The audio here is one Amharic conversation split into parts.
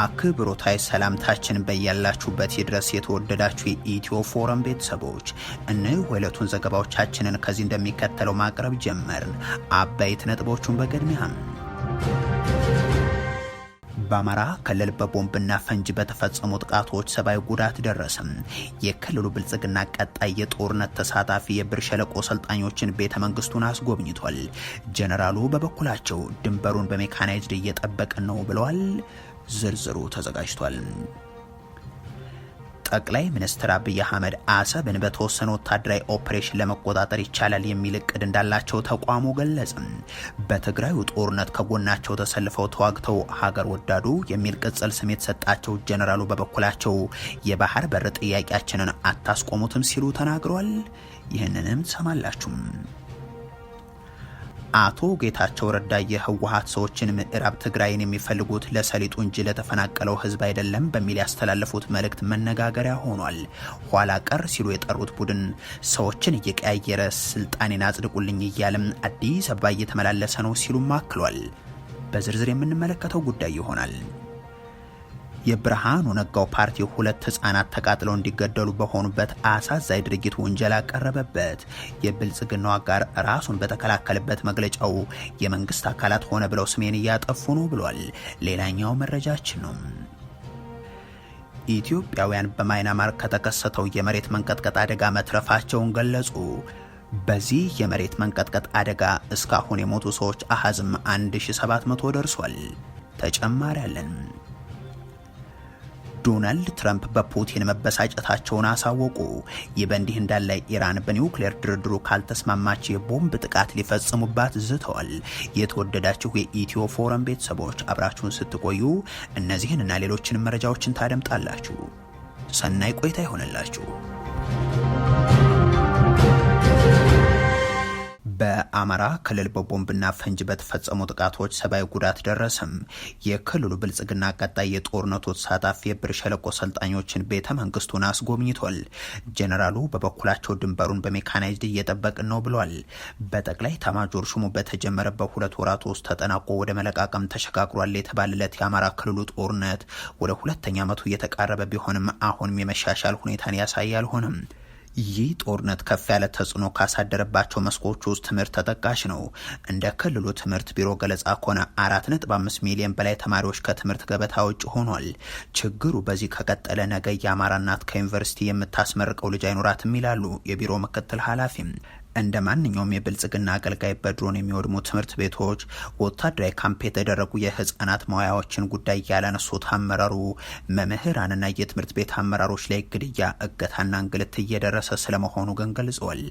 አክብሮታይ ሰላምታችን በያላችሁበት ይድረስ። የተወደዳችሁ የኢትዮ ፎረም ቤተሰቦች እነሆ የዕለቱን ዘገባዎቻችንን ከዚህ እንደሚከተለው ማቅረብ ጀመርን። አበይት ነጥቦቹን በቅድሚያም በአማራ ክልል በቦምብና ፈንጅ በተፈጸሙ ጥቃቶች ሰብአዊ ጉዳት ደረሰም። የክልሉ ብልጽግና ቀጣይ የጦርነት ተሳታፊ የብር ሸለቆ ሰልጣኞችን ቤተ መንግስቱን አስጎብኝቷል። ጀነራሉ በበኩላቸው ድንበሩን በሜካናይዝድ እየጠበቅን ነው ብለዋል። ዝርዝሩ ተዘጋጅቷል። ጠቅላይ ሚኒስትር አብይ አህመድ አሰብን በተወሰነ ወታደራዊ ኦፕሬሽን ለመቆጣጠር ይቻላል የሚል እቅድ እንዳላቸው ተቋሙ ገለጽም። በትግራዩ ጦርነት ከጎናቸው ተሰልፈው ተዋግተው ሀገር ወዳዱ የሚል ቅጽል ስም የተሰጣቸው ጀነራሉ በበኩላቸው የባህር በር ጥያቄያችንን አታስቆሙትም ሲሉ ተናግረዋል። ይህንንም ሰማላችሁም። አቶ ጌታቸው ረዳ የህወሀት ሰዎችን ምዕራብ ትግራይን የሚፈልጉት ለሰሊጡ እንጂ ለተፈናቀለው ህዝብ አይደለም በሚል ያስተላለፉት መልእክት መነጋገሪያ ሆኗል። ኋላ ቀር ሲሉ የጠሩት ቡድን ሰዎችን እየቀያየረ ስልጣኔን አጽድቁልኝ እያለም አዲስ አበባ እየተመላለሰ ነው ሲሉም አክሏል። በዝርዝር የምንመለከተው ጉዳይ ይሆናል። የብርሃኑ ነጋው ፓርቲ ሁለት ህጻናት ተቃጥለው እንዲገደሉ በሆኑበት አሳዛኝ ድርጊት ውንጀላ ቀረበበት። የብልጽግናው አጋር ራሱን በተከላከለበት መግለጫው የመንግስት አካላት ሆነ ብለው ስሜን እያጠፉ ነው ብሏል። ሌላኛው መረጃችን ነው። ኢትዮጵያውያን በማይናማር ከተከሰተው የመሬት መንቀጥቀጥ አደጋ መትረፋቸውን ገለጹ። በዚህ የመሬት መንቀጥቀጥ አደጋ እስካሁን የሞቱ ሰዎች አሐዝም 1700 ደርሷል። ተጨማሪ አለን። ዶናልድ ትራምፕ በፑቲን መበሳጨታቸውን አሳወቁ። ይህ በእንዲህ እንዳለ ኢራን በኒውክሌር ድርድሩ ካልተስማማች የቦምብ ጥቃት ሊፈጽሙባት ዝተዋል። የተወደዳችሁ የኢትዮ ፎረም ቤተሰቦች አብራችሁን ስትቆዩ እነዚህን እና ሌሎችንም መረጃዎችን ታደምጣላችሁ። ሰናይ ቆይታ ይሆነላችሁ። በአማራ ክልል በቦምብና ፈንጅ በተፈጸሙ ጥቃቶች ሰብአዊ ጉዳት ደረሰም። የክልሉ ብልጽግና ቀጣይ የጦርነቱ ተሳታፊ የብር ሸለቆ ሰልጣኞችን ቤተ መንግስቱን አስጎብኝቷል። ጀኔራሉ በበኩላቸው ድንበሩን በሜካናይዝድ እየጠበቅን ነው ብሏል። በጠቅላይ ኤታማዦር ሹሙ በተጀመረ በሁለት ወራት ውስጥ ተጠናቆ ወደ መለቃቀም ተሸጋግሯል የተባለለት የአማራ ክልሉ ጦርነት ወደ ሁለተኛ ዓመቱ እየተቃረበ ቢሆንም አሁንም የመሻሻል ሁኔታን ያሳያል አልሆነም። ይህ ጦርነት ከፍ ያለ ተጽዕኖ ካሳደረባቸው መስኮች ውስጥ ትምህርት ተጠቃሽ ነው። እንደ ክልሉ ትምህርት ቢሮ ገለጻ ከሆነ 45 ሚሊዮን በላይ ተማሪዎች ከትምህርት ገበታ ውጭ ሆኗል። ችግሩ በዚህ ከቀጠለ ነገ የአማራ እናት ከዩኒቨርሲቲ የምታስመርቀው ልጅ አይኖራትም ይላሉ የቢሮ ምክትል ኃላፊም። እንደ ማንኛውም የብልጽግና አገልጋይ በድሮን የሚወድሙ ትምህርት ቤቶች፣ ወታደራዊ ካምፕ የተደረጉ የህፃናት መዋያዎችን ጉዳይ ያላነሱት አመራሩ መምህራንና የትምህርት ቤት አመራሮች ላይ ግድያ፣ እገታና እንግልት እየደረሰ ስለመሆኑ ግን ገልጿል።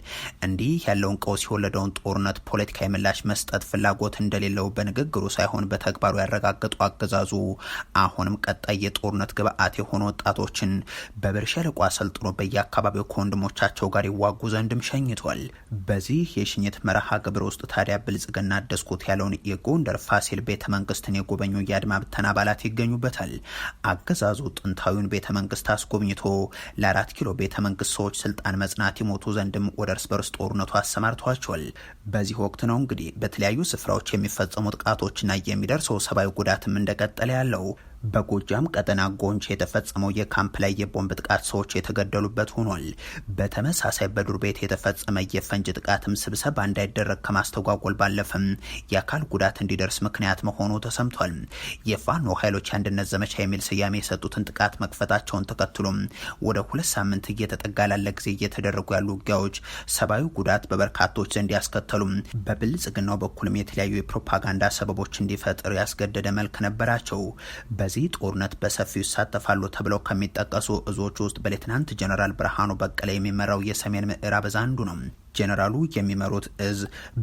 እንዲህ ያለውን ቀውስ የወለደውን ጦርነት ፖለቲካዊ ምላሽ መስጠት ፍላጎት እንደሌለው በንግግሩ ሳይሆን በተግባሩ ያረጋገጡ አገዛዙ አሁንም ቀጣይ የጦርነት ግብአት የሆኑ ወጣቶችን በብር ሸለቆ አሰልጥኖ በየአካባቢው ከወንድሞቻቸው ጋር ይዋጉ ዘንድም ሸኝቷል። በዚህ የሽኝት መርሃ ግብር ውስጥ ታዲያ ብልጽግና አደስኩት ያለውን የጎንደር ፋሲል ቤተ መንግስትን የጎበኙ የአድማ ብተና አባላት ይገኙበታል። አገዛዙ ጥንታዊውን ቤተ መንግስት አስጎብኝቶ ለአራት ኪሎ ቤተ መንግስት ሰዎች ስልጣን መጽናት ይሞቱ ዘንድም ወደ እርስ በርስ ጦርነቱ አሰማርተዋቸዋል። በዚህ ወቅት ነው እንግዲህ በተለያዩ ስፍራዎች የሚፈጸሙ ጥቃቶችና የሚደርሰው ሰብአዊ ጉዳትም እንደቀጠለ ያለው በጎጃም ቀጠና ጎንች የተፈጸመው የካምፕ ላይ የቦምብ ጥቃት ሰዎች የተገደሉበት ሆኗል። በተመሳሳይ በዱር ቤት የተፈጸመ የፈንጅ ጥቃትም ስብሰባ እንዳይደረግ ከማስተጓጎል ባለፈም የአካል ጉዳት እንዲደርስ ምክንያት መሆኑ ተሰምቷል። የፋኖ ኃይሎች የአንድነት ዘመቻ የሚል ስያሜ የሰጡትን ጥቃት መክፈታቸውን ተከትሎም ወደ ሁለት ሳምንት እየተጠጋ ላለ ጊዜ እየተደረጉ ያሉ ውጊያዎች ሰብአዊ ጉዳት በበርካቶች ዘንድ ያስከተሉም በብልጽግናው በኩልም የተለያዩ የፕሮፓጋንዳ ሰበቦች እንዲፈጥር ያስገደደ መልክ ነበራቸው። በዚህ ጦርነት በሰፊው ይሳተፋሉ ተብለው ከሚጠቀሱ እዞች ውስጥ በሌትናንት ጀነራል ብርሃኑ በቀለ የሚመራው የሰሜን ምዕራብ እዝ አንዱ ነው። ጄኔራሉ የሚመሩት እዝ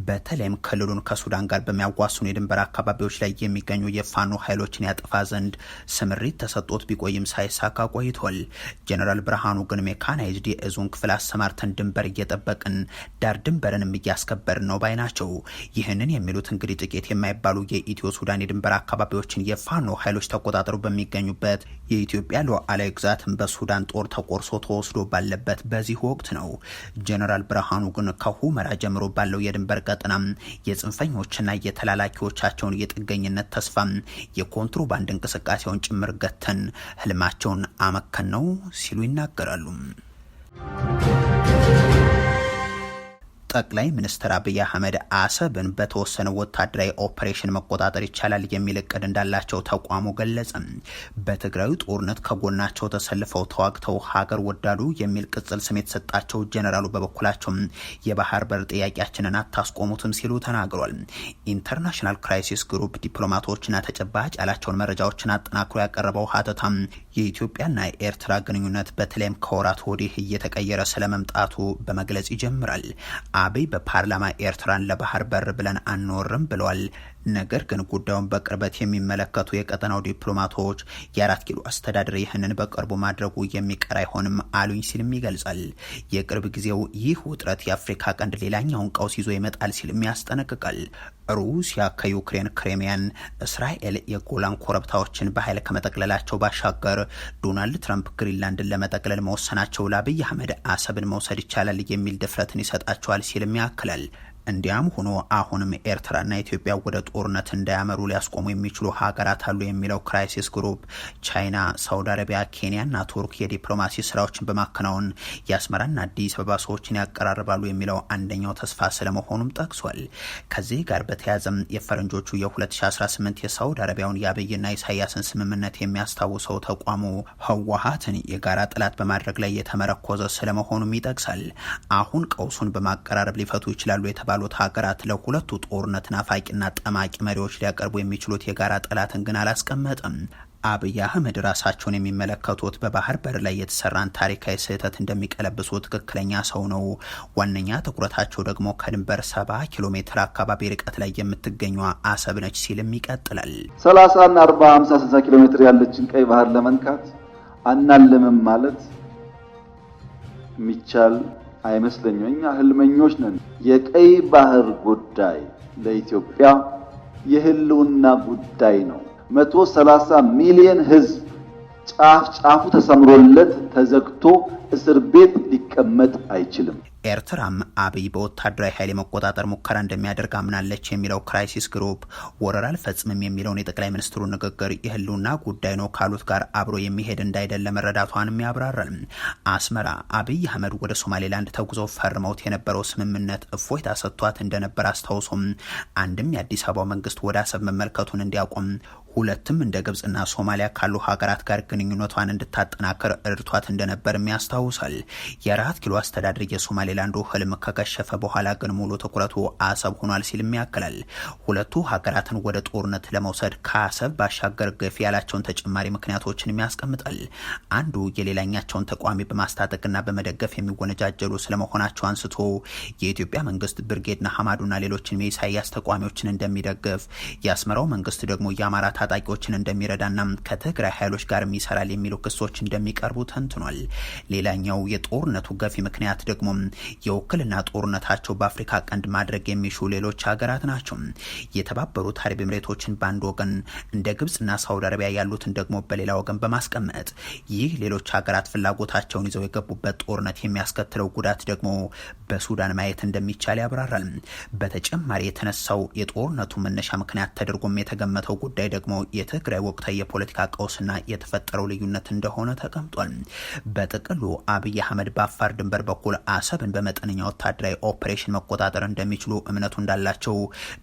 በተለይም ክልሉን ከሱዳን ጋር በሚያዋስኑ የድንበር አካባቢዎች ላይ የሚገኙ የፋኖ ኃይሎችን ያጠፋ ዘንድ ስምሪት ተሰጥቶት ቢቆይም ሳይሳካ ቆይቷል። ጄኔራል ብርሃኑ ግን ሜካናይዝድ የእዙን ክፍል አሰማርተን ድንበር እየጠበቅን ዳር ድንበርንም እያስከበርን ነው ባይ ናቸው። ይህንን የሚሉት እንግዲህ ጥቂት የማይባሉ የኢትዮ ሱዳን የድንበር አካባቢዎችን የፋኖ ኃይሎች ተቆጣጥረው በሚገኙበት የኢትዮጵያ ሉዓላዊ ግዛትን በሱዳን ጦር ተቆርሶ ተወስዶ ባለበት በዚህ ወቅት ነው። ጄኔራል ብርሃኑ ግን ሀገሪቱን ከሁመራ ጀምሮ ባለው የድንበር ቀጠና የጽንፈኞችና የተላላኪዎቻቸውን የጥገኝነት ተስፋ የኮንትሮባንድ እንቅስቃሴውን ጭምር ገተን ህልማቸውን አመከን ነው ሲሉ ይናገራሉ። ጠቅላይ ሚኒስትር አብይ አህመድ አሰብን በተወሰነ ወታደራዊ ኦፕሬሽን መቆጣጠር ይቻላል የሚል እቅድ እንዳላቸው ተቋሙ ገለጸ። በትግራዩ ጦርነት ከጎናቸው ተሰልፈው ተዋግተው ሀገር ወዳዱ የሚል ቅጽል ስም የተሰጣቸው ጀኔራሉ በበኩላቸው የባህር በር ጥያቄያችንን አታስቆሙትም ሲሉ ተናግሯል። ኢንተርናሽናል ክራይሲስ ግሩፕ ዲፕሎማቶችና ተጨባጭ ያላቸውን መረጃዎችን አጠናክሮ ያቀረበው ሀተታ የኢትዮጵያና የኤርትራ ግንኙነት በተለይም ከወራት ወዲህ እየተቀየረ ስለመምጣቱ በመግለጽ ይጀምራል። አብይ በፓርላማ ኤርትራን ለባህር በር ብለን አንወርም ብለዋል። ነገር ግን ጉዳዩን በቅርበት የሚመለከቱ የቀጠናው ዲፕሎማቶች የአራት ኪሎ አስተዳደር ይህንን በቅርቡ ማድረጉ የሚቀር አይሆንም አሉኝ ሲልም ይገልጻል። የቅርብ ጊዜው ይህ ውጥረት የአፍሪካ ቀንድ ሌላኛውን ቀውስ ይዞ ይመጣል ሲልም ያስጠነቅቃል። ሩሲያ ከዩክሬን ክሬሚያን፣ እስራኤል የጎላን ኮረብታዎችን በኃይል ከመጠቅለላቸው ባሻገር ዶናልድ ትራምፕ ግሪንላንድን ለመጠቅለል መወሰናቸው ለአብይ አህመድ አሰብን መውሰድ ይቻላል የሚል ድፍረትን ይሰጣቸዋል ሲልም ያክላል። እንዲያም ሆኖ አሁንም ኤርትራና ኢትዮጵያ ወደ ጦርነት እንዳያመሩ ሊያስቆሙ የሚችሉ ሀገራት አሉ የሚለው ክራይሲስ ግሩፕ ቻይና፣ ሳውዲ አረቢያ፣ ኬንያና ቱርክ የዲፕሎማሲ ስራዎችን በማከናወን የአስመራና አዲስ አበባ ሰዎችን ያቀራርባሉ የሚለው አንደኛው ተስፋ ስለመሆኑም ጠቅሷል። ከዚህ ጋር በተያያዘም የፈረንጆቹ የ2018 የሳውዲ አረቢያውን የአብይና ኢሳያስን ስምምነት የሚያስታውሰው ተቋሙ ህወሀትን የጋራ ጠላት በማድረግ ላይ የተመረኮዘ ስለመሆኑም ይጠቅሳል። አሁን ቀውሱን በማቀራረብ ሊፈቱ ይችላሉ የተባ የሚባሉት ሀገራት ለሁለቱ ጦርነት ናፋቂና ጠማቂ መሪዎች ሊያቀርቡ የሚችሉት የጋራ ጠላትን ግን አላስቀመጥም። አብይ አህመድ ራሳቸውን የሚመለከቱት በባህር በር ላይ የተሰራን ታሪካዊ ስህተት እንደሚቀለብሱ ትክክለኛ ሰው ነው። ዋነኛ ትኩረታቸው ደግሞ ከድንበር ሰባ ኪሎ ሜትር አካባቢ ርቀት ላይ የምትገኘ አሰብ ነች ሲልም ይቀጥላል። ሰላሳና አርባ ሃምሳ ስልሳ ኪሎ ሜትር ያለችን ቀይ ባህር ለመንካት አናልምም ማለት የሚቻል አይመስለኝም። እኛ ህልመኞች ነን። የቀይ ባህር ጉዳይ ለኢትዮጵያ የህልውና ጉዳይ ነው። መቶ ሚሊዮን ህዝብ ጫፍ ጫፉ ተሰምሮለት ተዘግቶ እስር ቤት ሊቀመጥ አይችልም። ኤርትራም አብይ በወታደራዊ ኃይል የመቆጣጠር ሙከራ እንደሚያደርግ አምናለች የሚለው ክራይሲስ ግሩፕ ወረራ አልፈጽምም የሚለውን የጠቅላይ ሚኒስትሩ ንግግር የህልውና ጉዳይ ነው ካሉት ጋር አብሮ የሚሄድ እንዳይደለ መረዳቷንም ያብራራል። አስመራ አብይ አህመድ ወደ ሶማሌላንድ ተጉዞ ፈርመውት የነበረው ስምምነት እፎይታ ሰጥቷት እንደነበር አስታውሶም አንድም የአዲስ አበባ መንግስት ወደ አሰብ መመልከቱን እንዲያቆም ሁለትም እንደ ግብጽና ሶማሊያ ካሉ ሀገራት ጋር ግንኙነቷን እንድታጠናክር እርቷት እንደነበርም ያስታውሳል። የአራት ኪሎ አስተዳደር የሶማሌላንዱ ህልም ከከሸፈ በኋላ ግን ሙሉ ትኩረቱ አሰብ ሆኗል ሲልም ያክላል። ሁለቱ ሀገራትን ወደ ጦርነት ለመውሰድ ከአሰብ ባሻገር ገፊ ያላቸውን ተጨማሪ ምክንያቶችንም ያስቀምጣል። አንዱ የሌላኛቸውን ተቋሚ በማስታጠቅና በመደገፍ የሚወነጃጀሉ ስለመሆናቸው አንስቶ የኢትዮጵያ መንግስት ብርጌድና ሀማዱና ሌሎችን የኢሳያስ ተቋሚዎችን እንደሚደግፍ የአስመራው መንግስት ደግሞ የአማራ ታጣቂዎችን እንደሚረዳና ከትግራይ ኃይሎች ጋር ይሰራል የሚሉ ክሶች እንደሚቀርቡ ተንትኗል። ሌላኛው የጦርነቱ ገፊ ምክንያት ደግሞ የውክልና ጦርነታቸው በአፍሪካ ቀንድ ማድረግ የሚሹ ሌሎች ሀገራት ናቸው። የተባበሩት አረብ ኤምሬቶችን በአንድ ወገን እንደ ግብጽና ሳውዲ አረቢያ ያሉትን ደግሞ በሌላ ወገን በማስቀመጥ ይህ ሌሎች ሀገራት ፍላጎታቸውን ይዘው የገቡበት ጦርነት የሚያስከትለው ጉዳት ደግሞ በሱዳን ማየት እንደሚቻል ያብራራል። በተጨማሪ የተነሳው የጦርነቱ መነሻ ምክንያት ተደርጎም የተገመተው ጉዳይ ደግሞ የትግራይ ወቅታዊ የፖለቲካ ቀውስና የተፈጠረው ልዩነት እንደሆነ ተቀምጧል። በጥቅሉ አብይ አህመድ በአፋር ድንበር በኩል አሰብን በመጠነኛ ወታደራዊ ኦፕሬሽን መቆጣጠር እንደሚችሉ እምነቱ እንዳላቸው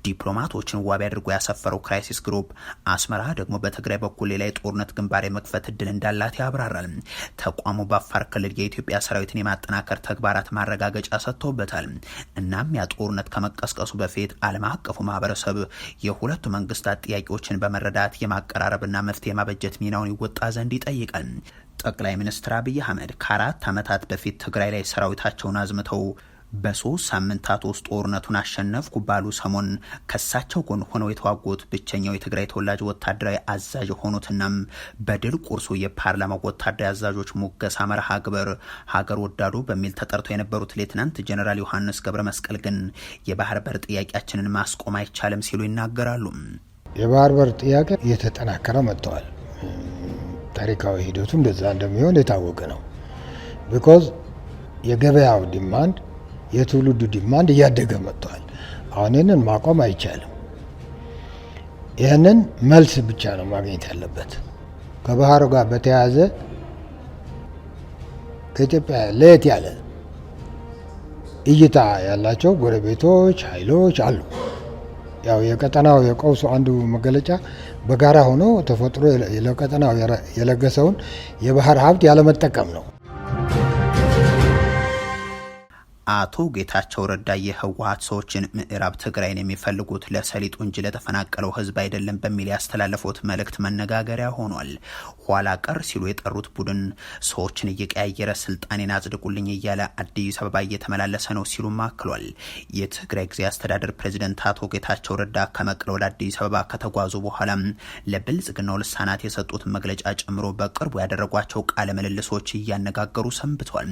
ዲፕሎማቶችን ዋቢ አድርጎ ያሰፈረው ክራይሲስ ግሩፕ አስመራ ደግሞ በትግራይ በኩል ሌላ የጦርነት ግንባር የመክፈት እድል እንዳላት ያብራራል። ተቋሙ በአፋር ክልል የኢትዮጵያ ሰራዊትን የማጠናከር ተግባራት ማረጋገጫ ሰጥቶበታል። እናም ያ ጦርነት ከመቀስቀሱ በፊት ዓለም አቀፉ ማህበረሰብ የሁለቱ መንግስታት ጥያቄዎችን በመረዳት የመረዳት የማቀራረብና መፍትሄ ማበጀት ሚናውን ይወጣ ዘንድ ይጠይቃል። ጠቅላይ ሚኒስትር አብይ አህመድ ከአራት ዓመታት በፊት ትግራይ ላይ ሰራዊታቸውን አዝምተው በሶስት ሳምንታት ውስጥ ጦርነቱን አሸነፍኩ ባሉ ሰሞን ከሳቸው ጎን ሆነው የተዋጉት ብቸኛው የትግራይ ተወላጅ ወታደራዊ አዛዥ የሆኑትናም በድል ቁርሱ የፓርላማ ወታደራዊ አዛዦች ሙገሳ መርሃ ግብር ሀገር ወዳዱ በሚል ተጠርተው የነበሩት ሌትናንት ጀኔራል ዮሐንስ ገብረ መስቀል ግን የባህር በር ጥያቄያችንን ማስቆም አይቻልም ሲሉ ይናገራሉ። የባህር በር ጥያቄ እየተጠናከረ መጥተዋል። ታሪካዊ ሂደቱ እንደዛ እንደሚሆን የታወቀ ነው። ቢኮዝ የገበያው ዲማንድ የትውልዱ ዲማንድ እያደገ መጥተዋል። አሁን ይህንን ማቆም አይቻልም። ይህንን መልስ ብቻ ነው ማግኘት ያለበት። ከባህሩ ጋር በተያያዘ ከኢትዮጵያ ለየት ያለ እይታ ያላቸው ጎረቤቶች ኃይሎች አሉ። ያው የቀጠናው የቀውሱ አንዱ መገለጫ በጋራ ሆኖ ተፈጥሮ ለቀጠናው የለገሰውን የባህር ሀብት ያለመጠቀም ነው። አቶ ጌታቸው ረዳ የህወሀት ሰዎችን ምዕራብ ትግራይን የሚፈልጉት ለሰሊጡ እንጂ ለተፈናቀለው ህዝብ አይደለም በሚል ያስተላለፉት መልእክት መነጋገሪያ ሆኗል። ኋላ ቀር ሲሉ የጠሩት ቡድን ሰዎችን እየቀያየረ ስልጣኔን አጽድቁልኝ እያለ አዲስ አበባ እየተመላለሰ ነው ሲሉም አክሏል። የትግራይ ጊዜ አስተዳደር ፕሬዚደንት አቶ ጌታቸው ረዳ ከመቀለ ወደ አዲስ አበባ ከተጓዙ በኋላ ለብልጽግናው ልሳናት የሰጡት መግለጫ ጨምሮ በቅርቡ ያደረጓቸው ቃለ ምልልሶች እያነጋገሩ ሰንብቷል።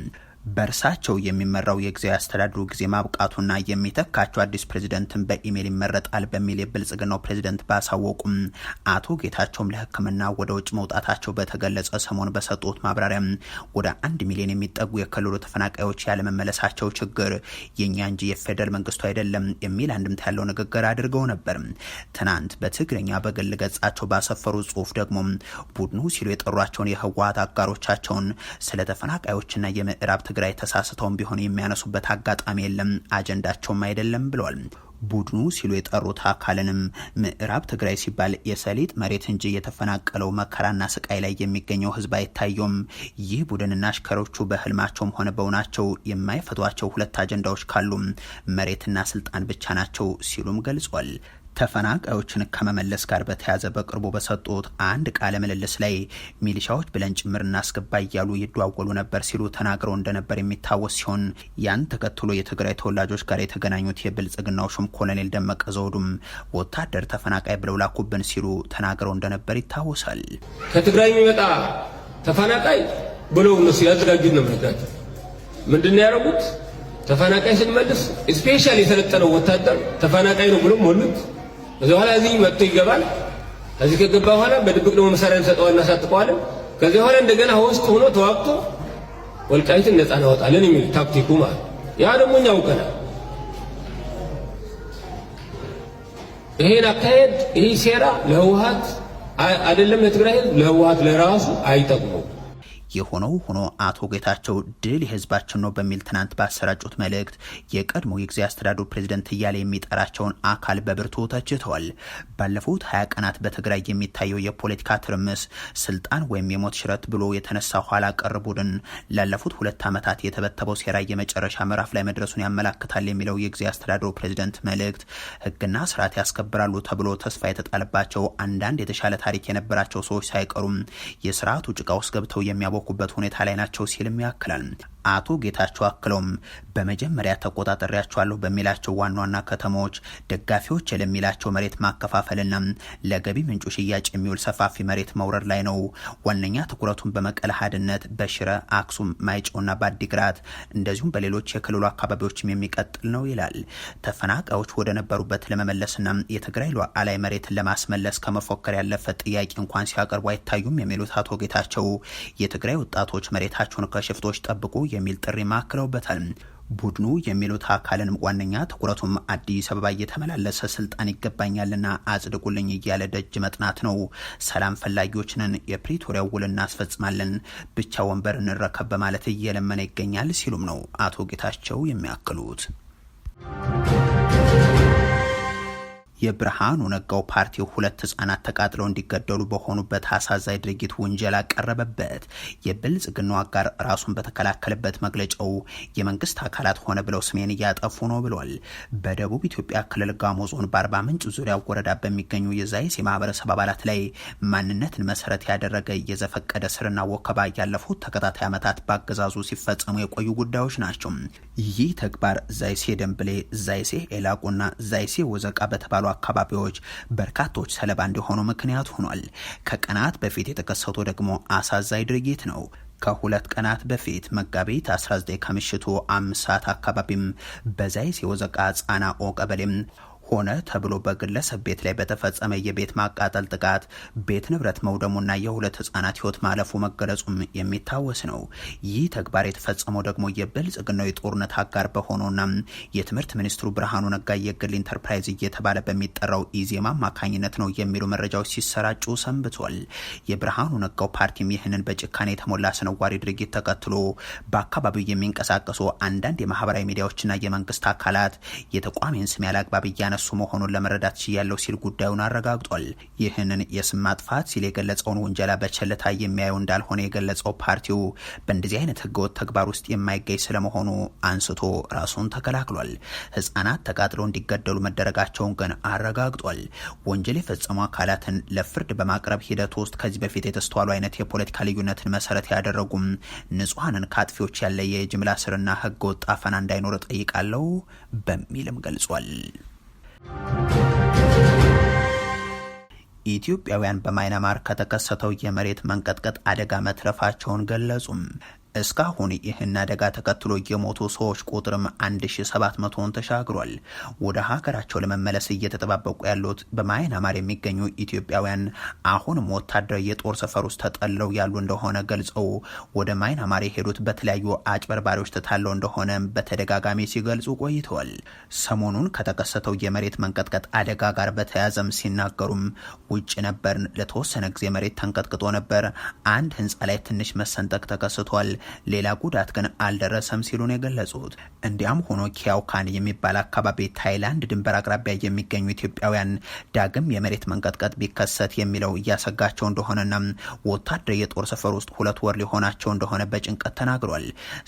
በእርሳቸው የሚመራው የጊዜያዊ አስተዳድሩ ጊዜ ማብቃቱና የሚተካቸው አዲስ ፕሬዚደንትን በኢሜል ይመረጣል በሚል የብልጽግናው ፕሬዚደንት ባሳወቁም አቶ ጌታቸውም ለሕክምና ወደ ውጭ መውጣታቸው በተገለጸ ሰሞን በሰጡት ማብራሪያም ወደ አንድ ሚሊዮን የሚጠጉ የክልሉ ተፈናቃዮች ያለመመለሳቸው ችግር የእኛ እንጂ የፌደራል መንግስቱ አይደለም የሚል አንድምታ ያለው ንግግር አድርገው ነበር። ትናንት በትግረኛ በግል ገጻቸው ባሰፈሩ ጽሁፍ ደግሞ ቡድኑ ሲሉ የጠሯቸውን የህወሀት አጋሮቻቸውን ስለ ተፈናቃዮችና የምዕራብ ትግራይ ተሳስተውን ቢሆን የሚያነሱበት አጋጣሚ የለም፣ አጀንዳቸውም አይደለም ብለዋል። ቡድኑ ሲሉ የጠሩት አካልንም ምዕራብ ትግራይ ሲባል የሰሊጥ መሬት እንጂ የተፈናቀለው መከራና ስቃይ ላይ የሚገኘው ህዝብ አይታየውም። ይህ ቡድንና አሽከሮቹ በህልማቸውም ሆነ በውናቸው የማይፈቷቸው ሁለት አጀንዳዎች ካሉም መሬትና ስልጣን ብቻ ናቸው ሲሉም ገልጿል። ተፈናቃዮችን ከመመለስ ጋር በተያዘ በቅርቡ በሰጡት አንድ ቃለ ምልልስ ላይ ሚሊሻዎች ብለን ጭምር እናስገባ እያሉ ይደዋወሉ ነበር ሲሉ ተናግረው እንደነበር የሚታወስ ሲሆን ያን ተከትሎ የትግራይ ተወላጆች ጋር የተገናኙት የብልጽግናው ሹም ኮሎኔል ደመቀ ዘውዱም ወታደር ተፈናቃይ ብለው ላኩብን ሲሉ ተናግረው እንደነበር ይታወሳል። ከትግራይ የሚመጣ ተፈናቃይ ብለው እነሱ ያዘጋጁት ነው ምናቸው ምንድን ነው ያደረጉት? ተፈናቃይ ስንመልስ ስፔሻል የሰለጠነው ወታደር ተፈናቃይ ነው ብሎ ሞሉት። እዚ በኋላ እዚህ መጥቶ ይገባል። እዚህ ከገባ በኋላ በድብቅ ደግሞ መሳሪያ እንሰጠዋል፣ እናሳጥቀዋለን። ከዚህ በኋላ እንደገና ውስጥ ሆኖ ተዋግቶ ወልቃይትን ነፃ እናወጣለን የሚል ታክቲኩ ማለት ያ ደግሞ እኛ አውቀናል። ይሄን አካሄድ ይህ ሴራ ለህወሓት አይደለም ለትግራይ ህዝብ፣ ለህወሓት ለራሱ አይጠቅመውም። የሆነው ሆኖ አቶ ጌታቸው ድል የህዝባችን ነው በሚል ትናንት ባሰራጩት መልእክት የቀድሞ የጊዜ አስተዳደሩ ፕሬዚደንት እያለ የሚጠራቸውን አካል በብርቱ ተችተዋል። ባለፉት ሀያ ቀናት በትግራይ የሚታየው የፖለቲካ ትርምስ ስልጣን ወይም የሞት ሽረት ብሎ የተነሳ ኋላ ቀር ቡድን ላለፉት ሁለት ዓመታት የተበተበው ሴራ የመጨረሻ ምዕራፍ ላይ መድረሱን ያመላክታል የሚለው የጊዜ አስተዳደሩ ፕሬዚደንት መልእክት ህግና ስርዓት ያስከብራሉ ተብሎ ተስፋ የተጣለባቸው አንዳንድ የተሻለ ታሪክ የነበራቸው ሰዎች ሳይቀሩም የስርዓቱ ጭቃ ውስጥ ገብተው የሚያ ያልታወቁበት ሁኔታ ላይ ናቸው ሲልም ያክላል። አቶ ጌታቸው አክለውም በመጀመሪያ ተቆጣጠሪያቸዋለሁ በሚላቸው ዋና ዋና ከተሞች ደጋፊዎች ለሚላቸው መሬት ማከፋፈልና ለገቢ ምንጩ ሽያጭ የሚውል ሰፋፊ መሬት መውረድ ላይ ነው ዋነኛ ትኩረቱን በመቀለ ሀድነት፣ በሽረ፣ አክሱም፣ ማይጨውና ባዲግራት እንደዚሁም በሌሎች የክልሉ አካባቢዎችም የሚቀጥል ነው ይላል። ተፈናቃዮች ወደ ነበሩበት ለመመለስና የትግራይ ሉዓላዊ መሬትን ለማስመለስ ከመፎከር ያለፈ ጥያቄ እንኳን ሲያቀርቡ አይታዩም የሚሉት አቶ ጌታቸው የትግራይ በተለይ ወጣቶች መሬታቸውን ከሽፍቶች ጠብቁ የሚል ጥሪ ማክለውበታል። ቡድኑ የሚሉት አካልን ዋነኛ ትኩረቱም አዲስ አበባ እየተመላለሰ ስልጣን ይገባኛልና አጽድቁልኝ እያለ ደጅ መጥናት ነው። ሰላም ፈላጊዎችንን የፕሪቶሪያ ውል እናስፈጽማለን ብቻ ወንበር እንረከብ በማለት እየለመነ ይገኛል ሲሉም ነው አቶ ጌታቸው የሚያክሉት። የብርሃኑ ነጋው ፓርቲው ሁለት ህጻናት ተቃጥለው እንዲገደሉ በሆኑበት አሳዛኝ ድርጊት ውንጀላ ቀረበበት። የብልጽግናው አጋር ራሱን በተከላከለበት መግለጫው የመንግስት አካላት ሆነ ብለው ስሜን እያጠፉ ነው ብሏል። በደቡብ ኢትዮጵያ ክልል ጋሞ ዞን በአርባ ምንጭ ዙሪያ ወረዳ በሚገኙ የዛይስ የማህበረሰብ አባላት ላይ ማንነትን መሰረት ያደረገ የዘፈቀደ ስርና ወከባ ያለፉት ተከታታይ ዓመታት በአገዛዙ ሲፈጸሙ የቆዩ ጉዳዮች ናቸው። ይህ ተግባር ዛይሴ ደንብሌ፣ ዛይሴ ኤላቁና ዛይሴ ወዘቃ በተባሉ አካባቢዎች በርካቶች ሰለባ እንዲሆኑ ምክንያት ሆኗል። ከቀናት በፊት የተከሰተው ደግሞ አሳዛኝ ድርጊት ነው። ከሁለት ቀናት በፊት መጋቢት 19 ከምሽቱ አምስት ሰዓት አካባቢም በዛይሴ ወዘቃ ጻናኦ ቀበሌም ሆነ ተብሎ በግለሰብ ቤት ላይ በተፈጸመ የቤት ማቃጠል ጥቃት ቤት ንብረት መውደሙና የሁለት ህጻናት ህይወት ማለፉ መገለጹም የሚታወስ ነው። ይህ ተግባር የተፈጸመው ደግሞ የብልጽግናው የጦርነት አጋር በሆነውና የትምህርት ሚኒስትሩ ብርሃኑ ነጋ የግል ኢንተርፕራይዝ እየተባለ በሚጠራው ኢዜማ አማካኝነት ነው የሚሉ መረጃዎች ሲሰራጩ ሰንብቷል። የብርሃኑ ነጋው ፓርቲም ይህንን በጭካኔ የተሞላ አስነዋሪ ድርጊት ተከትሎ በአካባቢው የሚንቀሳቀሱ አንዳንድ የማህበራዊ ሚዲያዎችና የመንግስት አካላት የተቋሚን ስም ያለ አግባብ እያነ እያነሱ መሆኑን ለመረዳት ችያለሁ ሲል ጉዳዩን አረጋግጧል። ይህንን የስም ማጥፋት ሲል የገለጸውን ውንጀላ በቸልታ የሚያየው እንዳልሆነ የገለጸው ፓርቲው በእንደዚህ አይነት ህገወጥ ተግባር ውስጥ የማይገኝ ስለመሆኑ አንስቶ ራሱን ተከላክሏል። ህጻናት ተቃጥለው እንዲገደሉ መደረጋቸውን ግን አረጋግጧል። ወንጀል የፈጸሙ አካላትን ለፍርድ በማቅረብ ሂደት ውስጥ ከዚህ በፊት የተስተዋሉ አይነት የፖለቲካ ልዩነትን መሰረት ያደረጉም ንጹሐንን ከአጥፊዎች ያለየ የጅምላ ስርና ህገወጥ አፈና እንዳይኖር ጠይቃለሁ በሚልም ገልጿል። ኢትዮጵያውያን በማይናማር ከተከሰተው የመሬት መንቀጥቀጥ አደጋ መትረፋቸውን ገለጹም። እስካሁን ይህን አደጋ ተከትሎ የሞቱ ሰዎች ቁጥርም 1700ን ተሻግሯል። ወደ ሀገራቸው ለመመለስ እየተጠባበቁ ያሉት በማይናማር የሚገኙ ኢትዮጵያውያን አሁንም ወታደራዊ የጦር ሰፈር ውስጥ ተጠልለው ያሉ እንደሆነ ገልጸው ወደ ማይናማር የሄዱት በተለያዩ አጭበርባሪዎች ተታለው እንደሆነ በተደጋጋሚ ሲገልጹ ቆይተዋል። ሰሞኑን ከተከሰተው የመሬት መንቀጥቀጥ አደጋ ጋር በተያያዘም ሲናገሩም ውጭ ነበር ለተወሰነ ጊዜ መሬት ተንቀጥቅጦ ነበር፣ አንድ ህንፃ ላይ ትንሽ መሰንጠቅ ተከስቷል ሌላ ጉዳት ግን አልደረሰም ሲሉ ነው የገለጹት። እንዲያም ሆኖ ኪያውካን የሚባል አካባቢ ታይላንድ ድንበር አቅራቢያ የሚገኙ ኢትዮጵያውያን ዳግም የመሬት መንቀጥቀጥ ቢከሰት የሚለው እያሰጋቸው እንደሆነና ወታደር የጦር ሰፈር ውስጥ ሁለት ወር ሊሆናቸው እንደሆነ በጭንቀት ተናግሯል።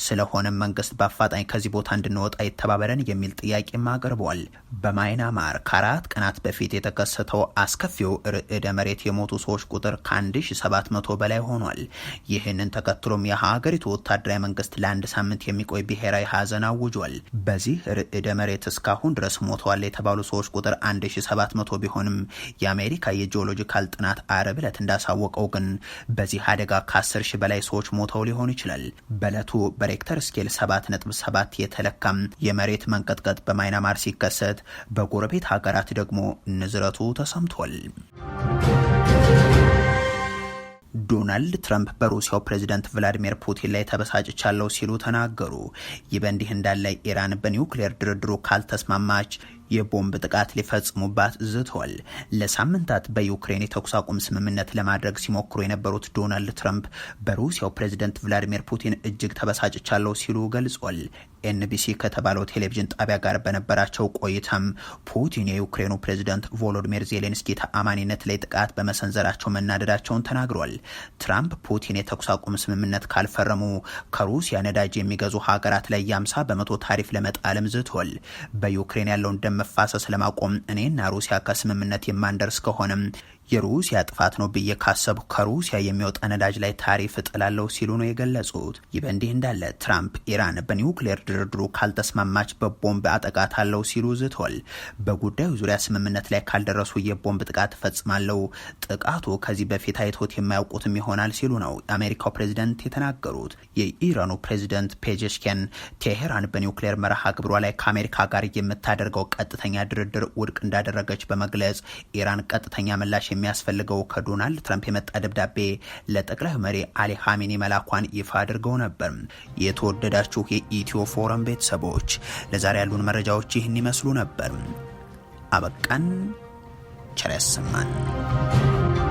ስለሆነም መንግስት በአፋጣኝ ከዚህ ቦታ እንድንወጣ ይተባበረን የሚል ጥያቄም አቅርቧል። በማይናማር ከአራት ቀናት በፊት የተከሰተው አስከፊው ርዕደ መሬት የሞቱ ሰዎች ቁጥር ከ1700 በላይ ሆኗል። ይህንን ተከትሎም የሀገሪቱ የሀገሪቱ ወታደራዊ መንግስት ለአንድ ሳምንት የሚቆይ ብሔራዊ ሀዘን አውጇል። በዚህ ርዕደ መሬት እስካሁን ድረስ ሞተዋል የተባሉ ሰዎች ቁጥር 1700 ቢሆንም የአሜሪካ የጂኦሎጂካል ጥናት አረብ ዕለት እንዳሳወቀው ግን በዚህ አደጋ ከ10 ሺህ በላይ ሰዎች ሞተው ሊሆን ይችላል። በዕለቱ በሬክተር ስኬል 7.7 የተለካም የመሬት መንቀጥቀጥ በማይናማር ሲከሰት፣ በጎረቤት ሀገራት ደግሞ ንዝረቱ ተሰምቷል። ዶናልድ ትራምፕ በሩሲያው ፕሬዚደንት ቭላዲሚር ፑቲን ላይ ተበሳጭቻለሁ ሲሉ ተናገሩ። ይህ በእንዲህ እንዳለ ኢራን በኒውክሌር ድርድሩ ካልተስማማች የቦምብ ጥቃት ሊፈጽሙባት ዝቷል። ለሳምንታት በዩክሬን የተኩስ አቁም ስምምነት ለማድረግ ሲሞክሩ የነበሩት ዶናልድ ትራምፕ በሩሲያው ፕሬዝደንት ቭላዲሚር ፑቲን እጅግ ተበሳጭቻለሁ ሲሉ ገልጿል። ኤንቢሲ ከተባለው ቴሌቪዥን ጣቢያ ጋር በነበራቸው ቆይታም ፑቲን የዩክሬኑ ፕሬዝደንት ቮሎዲሚር ዜሌንስኪ ተአማኒነት ላይ ጥቃት በመሰንዘራቸው መናደዳቸውን ተናግሯል። ትራምፕ ፑቲን የተኩስ አቁም ስምምነት ካልፈረሙ ከሩሲያ ነዳጅ የሚገዙ ሀገራት ላይ የ50 በመቶ ታሪፍ ለመጣልም ዝቷል። በዩክሬን ያለውን ደመ መፋሰስ ለማቆም እኔና ሩሲያ ከስምምነት የማንደርስ ከሆነም የሩሲያ ጥፋት ነው ብዬ ካሰብኩ ከሩሲያ የሚወጣ ነዳጅ ላይ ታሪፍ እጥላለሁ ሲሉ ነው የገለጹት። ይህ በእንዲህ እንዳለ ትራምፕ ኢራን በኒውክሌር ድርድሩ ካልተስማማች በቦምብ አጠቃታለሁ ሲሉ ዝተዋል። በጉዳዩ ዙሪያ ስምምነት ላይ ካልደረሱ የቦምብ ጥቃት እፈጽማለሁ፣ ጥቃቱ ከዚህ በፊት አይቶት የማያውቁትም ይሆናል ሲሉ ነው የአሜሪካው ፕሬዚደንት የተናገሩት። የኢራኑ ፕሬዚደንት ፔጀሽኬን ቴሄራን በኒውክሌር መርሃ ግብሯ ላይ ከአሜሪካ ጋር የምታደርገው ቀጥተኛ ድርድር ውድቅ እንዳደረገች በመግለጽ ኢራን ቀጥተኛ ምላሽ የሚያስፈልገው ከዶናልድ ትራምፕ የመጣ ደብዳቤ ለጠቅላይ መሪ አሊ ሀሜኒ መላኳን ይፋ አድርገው ነበር። የተወደዳችሁ የኢትዮ ፎረም ቤተሰቦች ለዛሬ ያሉን መረጃዎች ይህን ይመስሉ ነበር። አበቃን። ቸር ያሰማን።